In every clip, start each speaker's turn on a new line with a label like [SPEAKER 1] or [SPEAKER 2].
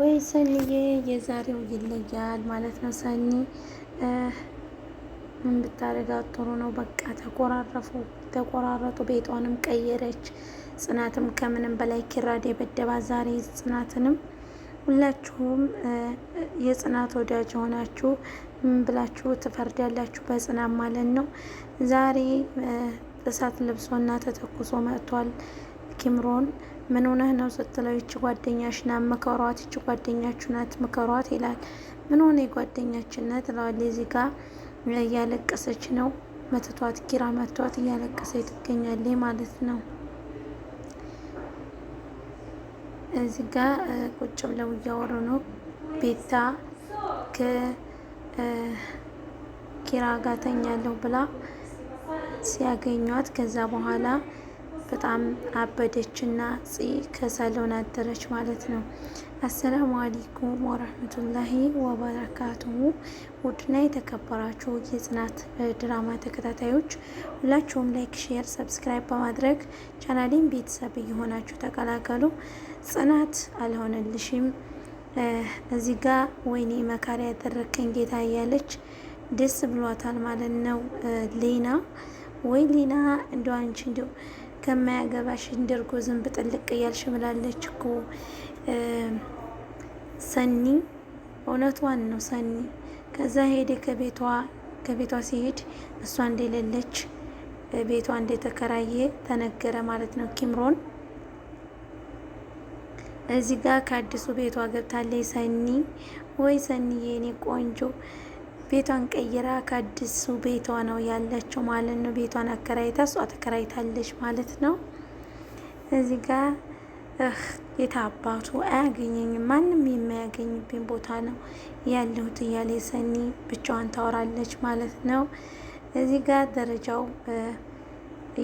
[SPEAKER 1] ወይ ሰኒዬ የዛሬው ይለያል ማለት ነው። ሰኒ ምን ብታደርጋት ጥሩ ነው? በቃ ተቆራረፉ ተቆራረጡ። ቤቷንም ቀየረች። ጽናትም ከምንም በላይ ኪራድ በደባ ዛሬ ጽናትንም ሁላችሁም የጽናት ወዳጅ የሆናችሁ ምን ብላችሁ ትፈርዳላችሁ? በጽናት ማለት ነው። ዛሬ እሳት ለብሶና ተተኩሶ መጥቷል። ኪምሮን ምን ሆነህ ነው ስትለው ይች ጓደኛሽ ናት ምከሯት፣ ይቺ ጓደኛችሁ ናት ምከሯት ይላል። ምን ሆነ የጓደኛችን ናት እዚህ ጋር እያለቀሰች ነው መትቷት፣ ኪራ መቷት እያለቀሰች ትገኛለች ማለት ነው። እዚህ ጋ ቁጭ ብለው እያወሩ ነው። ቤታ ከኪራ ጋር ተኛለሁ ብላ ሲያገኟት ከዛ በኋላ በጣም አበደችና ጽ ከሳሎን አደረች ማለት ነው። አሰላሙ አለይኩም ወራህመቱላሂ ወበረካቱሁ ውድና የተከበራችሁ የጽናት ድራማ ተከታታዮች ሁላችሁም ላይክ፣ ሼር፣ ሰብስክራይብ በማድረግ ቻናሌን ቤተሰብ እየሆናችሁ ተቀላቀሉ። ጽናት አልሆነልሽም እዚህ ጋ ወይኔ መካሪ ያደረግከኝ ጌታ እያለች ደስ ብሏታል ማለት ነው ሌና ወይ ሌና እንደ አንቺ ከማያገባሽ እንደርጎ ዝንብ ጥልቅ እያልሽ ብላለች እኮ ሰኒ። እውነቷን ነው ሰኒ። ከዛ ሄደ ከቤቷ ከቤቷ ሲሄድ እሷ እንደሌለች ቤቷ እንደተከራየ ተነገረ ማለት ነው። ኪምሮን እዚህ ጋር ከአዲሱ ቤቷ ገብታለች ሰኒ። ወይ ሰኒ የኔ ቆንጆ ቤቷን ቀይራ ከአዲሱ ቤቷ ነው ያለችው ማለት ነው። ቤቷን አከራይታ እሷ ተከራይታለች ማለት ነው። እዚህ ጋር የታባቱ አያገኘኝም፣ ማንም የማያገኝብኝ ቦታ ነው ያለሁት እያለ ሰኒ ብቻዋን ታወራለች ማለት ነው። እዚህ ጋር ደረጃው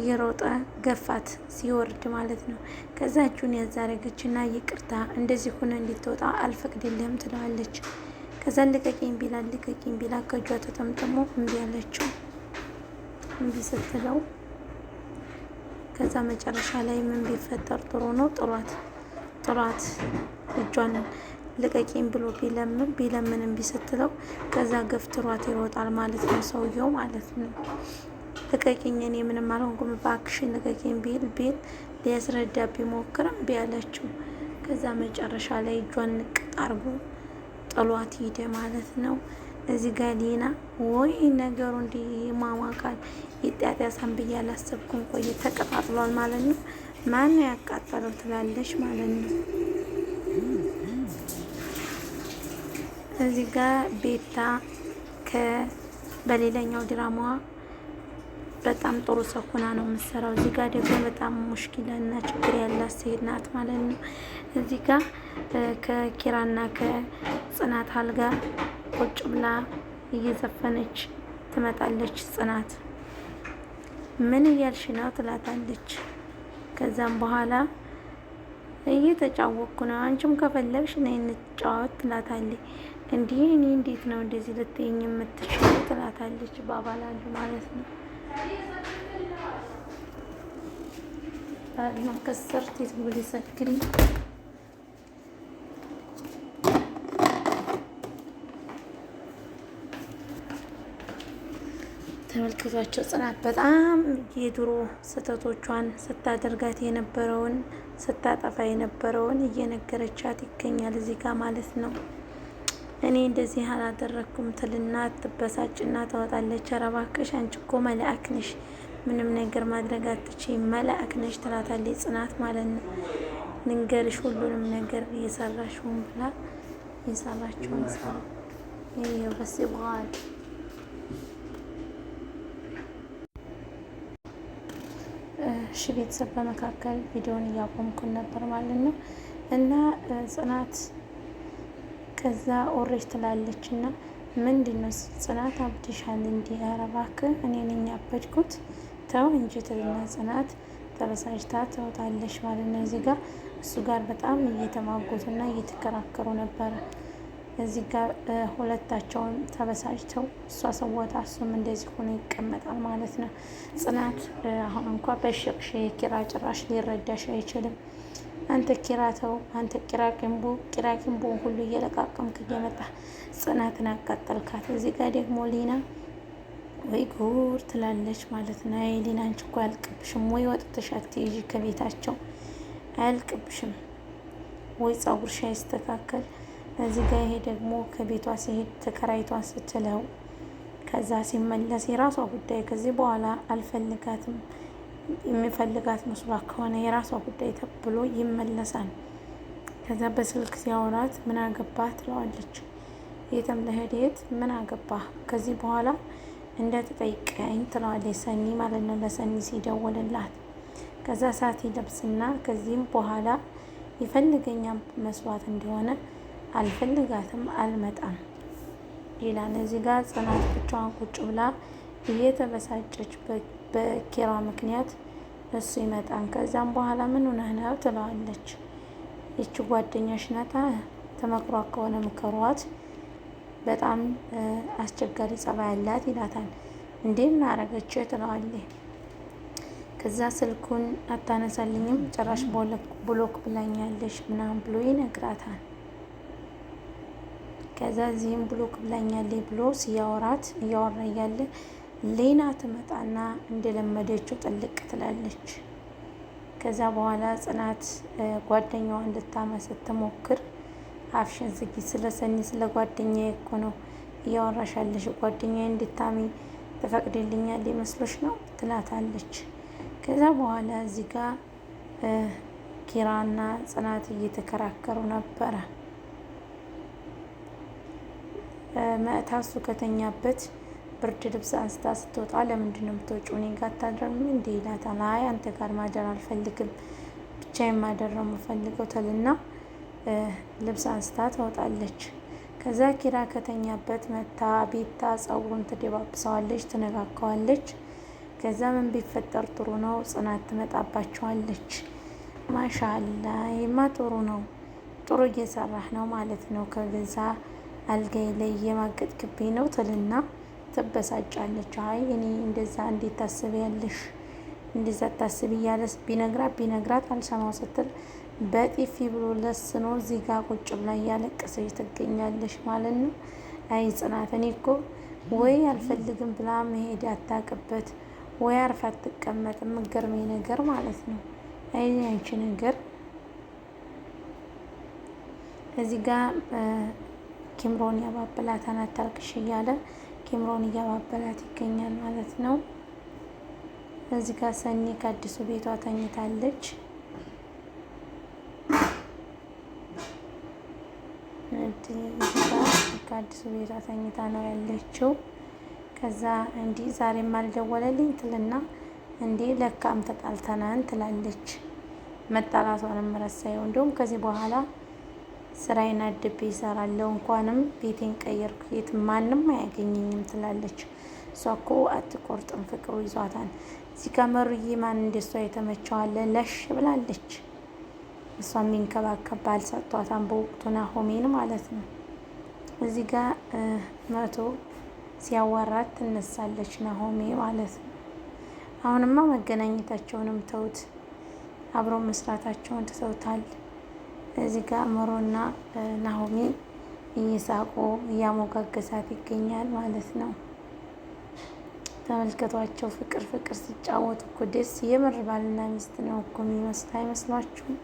[SPEAKER 1] እየሮጠ ገፋት ሲወርድ ማለት ነው። ከዛ እጁን ያዛረገች እና ይቅርታ እንደዚህ ሆነ እንድትወጣ አልፈቅድልህም ትለዋለች። ከዛ ልቀቂኝ ቢላ ልቀቂኝ ቢላ ከእጇ ተጠምጥሞ እምቢ አለችው። እምቢ ስትለው ከዛ መጨረሻ ላይ ምን ቢፈጠር ጥሩ ነው ጥሯት ጥሯት እጇን ልቀቂኝ ብሎ ቢለምን ቢለምን እምቢ ስትለው ከዛ ገፍትሯት ይሮጣል ማለት ነው፣ ሰውየው ማለት ነው። ልቀቂኝ እኔ ምንም አልሆንኩም እባክሽን ልቀቂኝ ቢል ቢል ሊያስረዳ ቢሞክርም እምቢ አለችው። ከዛ መጨረሻ ላይ እጇን ንቅጥ አርጎ ጥሏት ሂደ ማለት ነው። እዚህ ጋር ሌና ወይ ነገሩ እንዲህ ማሟቃል ይጣጣሳን ብዬ አላሰብኩም። ቆየ ተቀጣጥሏል ማለት ነው። ማን ያቃጠለው ትላለች ማለት ነው። እዚህ ጋር ቤታ ከ በሌላኛው ድራማዋ በጣም ጥሩ ሰው ሆና ነው የምትሰራው። እዚህ ጋር ደግሞ በጣም ሙሽኪልና ችግር ያላት ሴት ናት ማለት ነው። እዚህ ጋር ከኪራና ከጽናት አልጋ ቁጭ ብላ እየዘፈነች ትመጣለች። ጽናት ምን እያልሽ ነው ትላታለች። ከዛም በኋላ እየተጫወቅኩ ነው፣ አንቺም ከፈለግሽ ነይ እንጫወት ትላታለች። እንዲህ እኔ እንዴት ነው እንደዚህ ልትይኝ የምትችሉ ትላታለች። ባባላሉ ማለት ነው بعد ما كسرت تقولي ተመልክቷቸው ጽናት በጣም የድሮ ስህተቶቿን ስታደርጋት የነበረውን ስታጠፋ የነበረውን እየነገረቻት ይገኛል እዚህ ጋር ማለት ነው። እኔ እንደዚህ አላደረግኩም ትልና ትበሳጭና ታወጣለች። ኧረ እባክሽ አንቺ እኮ መላእክ ነሽ፣ ምንም ነገር ማድረግ አትችይም፣ መላእክ ነሽ ትላታለች ጽናት ማለት ነው። ልንገርሽ ሁሉንም ነገር እየሰራሽውን ብላ የሰራችውን ስራ በስ ይበዋል እሺ ቤተሰብ በመካከል ቪዲዮን እያቆምኩን ነበር ማለት ነው እና ጽናት ከዛ ኦሬጅ ትላለች እና ምንድን ነው ጽናት አብድሻል እንዲህ ኧረ እባክህ እኔ ነኝ ያበድኩት ተው እንጂ ትልና ጽናት ተበሳጭታ ትወጣለች ማለት ነው። እዚህ ጋር እሱ ጋር በጣም እየተማጎቱና እየተከራከሩ ነበረ። እዚህ ጋር ሁለታቸውን ተበሳጭተው እሷ ሰወታ እሱም እንደዚህ ሆኖ ይቀመጣል ማለት ነው። ጽናት አሁን እንኳ በሽቅሽ ኪራ ጭራሽ ሊረዳሽ አይችልም አንተ ኪራ ተው፣ አንተ ኪራ ኪምቦ፣ ኪራ ኪምቦን ሁሉ እየለቃቀምክ እየመጣ ጽናትን አቃጠልካት። እዚህ ጋር ደግሞ ሊና ወይ ጉር ትላለች ማለት ነው። አይ ሊና አንቺ እኮ አያልቅብሽም ወይ ወጥተሽ አትይዥ ከቤታቸው አያልቅብሽም ወይ ጸጉርሽ አይስተካከል። እዚህ ጋር ይሄ ደግሞ ከቤቷ ሲሄድ ተከራይቷን ስትለው ከዛ ሲመለስ የራሷ ጉዳይ ከዚህ በኋላ አልፈልጋትም የሚፈልጋት መስሏት ከሆነ የራሷ ጉዳይ ተብሎ ይመለሳል። ከዛ በስልክ ሲያወራት ምን አገባህ ትለዋለች። የትም ለህዴት ምን አገባህ ከዚህ በኋላ እንደተጠይቀኝ ትለዋለች። ሰኒ ማለት ነው ለሰኒ ሲደወልላት። ከዛ ሰዓት ይለብስና ከዚህም በኋላ የፈልገኛ መስዋዕት እንደሆነ አልፈልጋትም፣ አልመጣም ይላል። እዚህ ጋር ጽናት ብቻዋን ቁጭ ብላ እየተበሳጨችበት በኪራ ምክንያት እሱ ይመጣን። ከዛም በኋላ ምን ሆነህ ነው ትለዋለች። ይቺ ጓደኛሽ ናታ ተመክሯ ከሆነ ምከሯት፣ በጣም አስቸጋሪ ጸባይ አላት ይላታል። እንዴ ምን አረገች ትለዋለች። ከዛ ስልኩን አታነሳልኝም ጭራሽ ብሎክ ብላኛለሽ ምናምን ብሎ ይነግራታል። ከዛ እዚህም ብሎክ ብላኛለች ብሎ ሲያወራት እያወራ እያለ ሌና ትመጣና እንደለመደችው ጥልቅ ትላለች። ከዛ በኋላ ጽናት ጓደኛዋን እንድታማ ስትሞክር አፍሽን ዝጊ፣ ስለ ሰኒ ስለ ጓደኛዬ እኮ ነው እያወራሻለሽ። ጓደኛዬ እንድታሚ ትፈቅድልኛል ይመስሎሽ ነው ትላታለች። ከዛ በኋላ እዚህ ጋ ኪራና ጽናት እየተከራከሩ ነበረ። መእታሱ ከተኛበት ብርድ ልብስ አንስታ ስትወጣ ለምንድን ነው የምትወጪው? እኔ ጋር አታድርም እንዴ ይላታል። አይ አንተ ጋር ማደር አልፈልግም፣ ብቻዬን ማደር ነው የምፈልገው ትልና ልብስ አንስታ ትወጣለች። ከዛ ኪራ ከተኛበት መታ ቤታ ጸጉሩን ትደባብሰዋለች፣ ትነካከዋለች። ከዛ ምን ቢፈጠር ጥሩ ነው ጽናት ትመጣባቸዋለች። ማሻላ ይማ ጥሩ ነው፣ ጥሩ እየሰራህ ነው ማለት ነው። ከገዛ አልጋይ ላይ የማገጥ ክቤ ነው ትልና ትበሳጫለች። አይ እኔ እንደዛ እንዴት ታስቢያለሽ? እንደዛ ታስብ እያለስ ቢነግራት ቢነግራት አልሰማው ስትል በጢፊ ብሎ ለስኖ እዚህ ጋ ቁጭ ብላ እያለቀሰች ትገኛለሽ ማለት ነው። አይ ጽናት፣ እኔ እኮ ወይ አልፈልግም ብላ መሄድ ያታቅበት ወይ አርፋ አትቀመጥ። ምገርሜ ነገር ማለት ነው። አይ አንቺ ነገር እዚህ ጋ ኪምሮን ያባብላታን አታልቅሽ እያለ ኪምሮን እያባበላት ይገኛል ማለት ነው። እዚህ ጋር ሰኒ ከአዲሱ ቤቷ ተኝታለች። ከአዲሱ ቤቷ ተኝታ ነው ያለችው። ከዛ እንዲህ ዛሬ ማልደወለልኝ ትልና እንዴ ለካም ተጣልተናን ትላለች። መጣላቷንም ረሳየው። እንዲሁም ከዚህ በኋላ ስራዬን አድቤ ይሰራለሁ፣ እንኳንም ቤቴን ቀየርኩ፣ የት ማንም አያገኘኝም ትላለች። እሷ እኮ አትቆርጥም፣ ፍቅሩ ይዟታል። እዚህ ከመሩዬ መሩዬ ማን እንደሷ የተመቸዋለ ለሽ ብላለች። እሷ የሚንከባከብ ባል ሰጥቷታን በወቅቱና ሆሜን ማለት ነው። እዚህ ጋ መቶ ሲያዋራት ትነሳለች ናሆሜ ማለት ነው። አሁንማ መገናኘታቸውንም ተውት፣ አብሮ መስራታቸውን ትተውታል። እዚህ ጋር ምሮና ናሆሚ እየሳቁ እያሞጋገሳት ይገኛል ማለት ነው። ተመልከቷቸው፣ ፍቅር ፍቅር ሲጫወቱ እኮ ደስ የምር ባልና ሚስት ነው እኮ የሚመስል አይመስሏችሁም?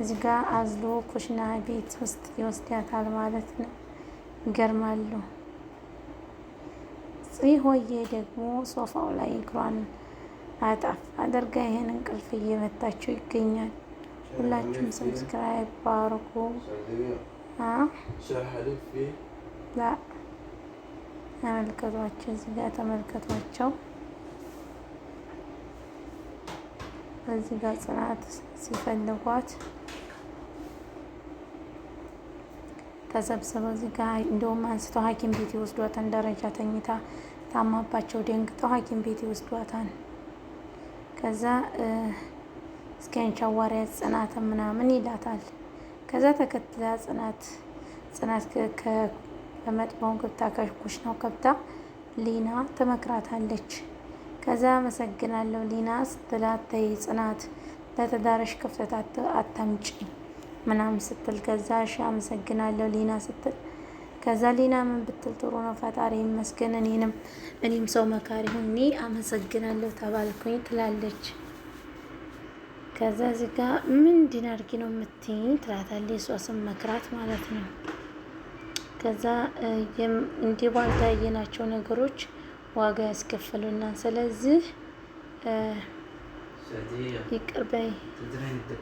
[SPEAKER 1] እዚህ ጋር አዝሎ ኩሽና ቤት ውስጥ ይወስዳታል ማለት ነው። ይገርማሉ። ጽሆዬ ደግሞ ሶፋው ላይ እግሯን አጣፍ አድርጋ ይህን እንቅልፍ እየመታቸው ይገኛል። ሁላችሁም ሰብስክራይብ አድርጉ። ተመልከቷቸው፣ እዚህ ጋር ተመልከቷቸው። እዚህ ጋር ጽናት ሲፈልጓት ተሰብስበው እዚህ ጋር እንደውም አንስተው ሐኪም ቤት ይወስዷታን። ደረጃ ተኝታ ታማባቸው ደንግጠው ሐኪም ቤት ይወስዷታን ከዛ እስኪ አንቺ አዋሪያት ጽናት ምናምን ይላታል። ከዛ ተከትላ ጽናት ጽናት በመጥበውን ገብታ ከኩሽ ነው ገብታ ሊና ትመክራታለች። ከዛ አመሰግናለሁ ሊና ስትላት ተይ ጽናት ለትዳርሽ ክፍተት አታምጪ ምናምን ስትል ከዛ እሺ አመሰግናለሁ ሊና ስትል ከዛ ሊና ምን ብትል ጥሩ ነው፣ ፈጣሪ ይመስገን እኔንም እኔም ሰው መካሪ ሁኜ አመሰግናለሁ ተባልኩኝ ትላለች። ከዛ እዚህ ጋ ምንድን አድርጊ ነው የምትይኝ ትላታለች። እሷ መክራት ማለት ነው። ከዛ እንዲህ ባልታየናቸው ነገሮች ዋጋ ያስከፍሉናል። ስለዚህ
[SPEAKER 2] ይቅር በይ እናንተ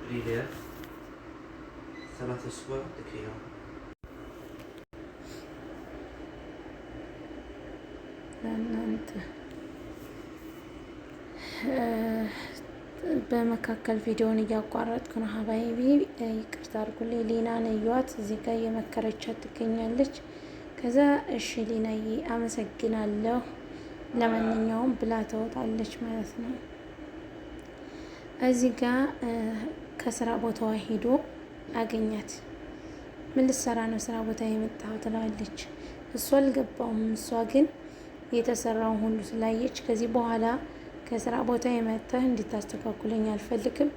[SPEAKER 1] በመካከል ቪዲዮውን እያቋረጥኩ ነው። ሀባይቢ ይቅርታ አድርጉልኝ። ሊናን እዩዋት እዚህ ጋር እየመከረቻት ትገኛለች። ከዛ እሺ ሊናዬ አመሰግናለሁ ለማንኛውም ብላ ተወጣለች ማለት ነው። እዚህ ጋ ከስራ ቦታዋ ሄዶ አገኛት። ምን ልትሰራ ነው ስራ ቦታ የመጣው ትላለች። እሱ አልገባውም። እሷ ግን የተሰራውን ሁሉ ስላየች ከዚህ በኋላ ከስራ ቦታ የመጥተህ እንድታስተካክለኝ አልፈልግም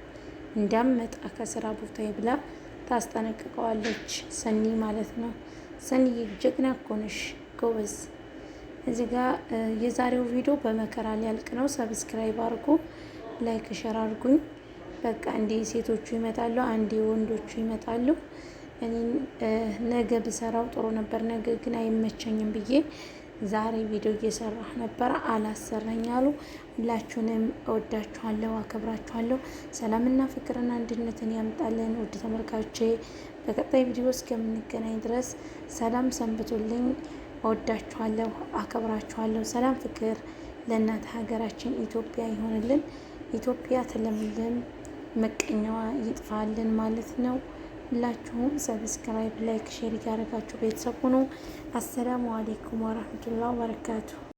[SPEAKER 1] እንዳመጣ ከስራ ቦታ ብላ ታስጠነቅቀዋለች። ሰኒ ማለት ነው። ሰኒ ጀግና እኮ ነሽ፣ ጎበዝ። እዚህ ጋር የዛሬው ቪዲዮ በመከራ ሊያልቅ ነው። ሰብስክራይብ አድርጉ፣ ላይክ ሸር አድርጉኝ። በቃ እንዴ ሴቶቹ ይመጣሉ፣ አንዴ ወንዶቹ ይመጣሉ። እኔ ነገ ብሰራው ጥሩ ነበር፣ ነገ ግን አይመቸኝም ብዬ ዛሬ ቪዲዮ እየሰራሁ ነበረ አላሰረኝ አሉ። ሁላችሁንም እወዳችኋለሁ፣ አከብራችኋለሁ። ሰላምና ፍቅርና አንድነትን ያምጣልን። ውድ ተመልካቾቼ በቀጣይ ቪዲዮ እስከምንገናኝ ድረስ ሰላም ሰንብቱልኝ። እወዳችኋለሁ፣ አከብራችኋለሁ። ሰላም ፍቅር ለእናት ሀገራችን ኢትዮጵያ ይሆንልን። ኢትዮጵያ ትለምልም፣ መቀኛዋ ይጥፋልን ማለት ነው። ሁላችሁም ሰብስክራይብ፣ ላይክ፣ ሼር እያደረጋችሁ ቤተሰብ ሁኑ። አሰላሙ አሌይኩም ወረህመቱላህ ወበረካቱ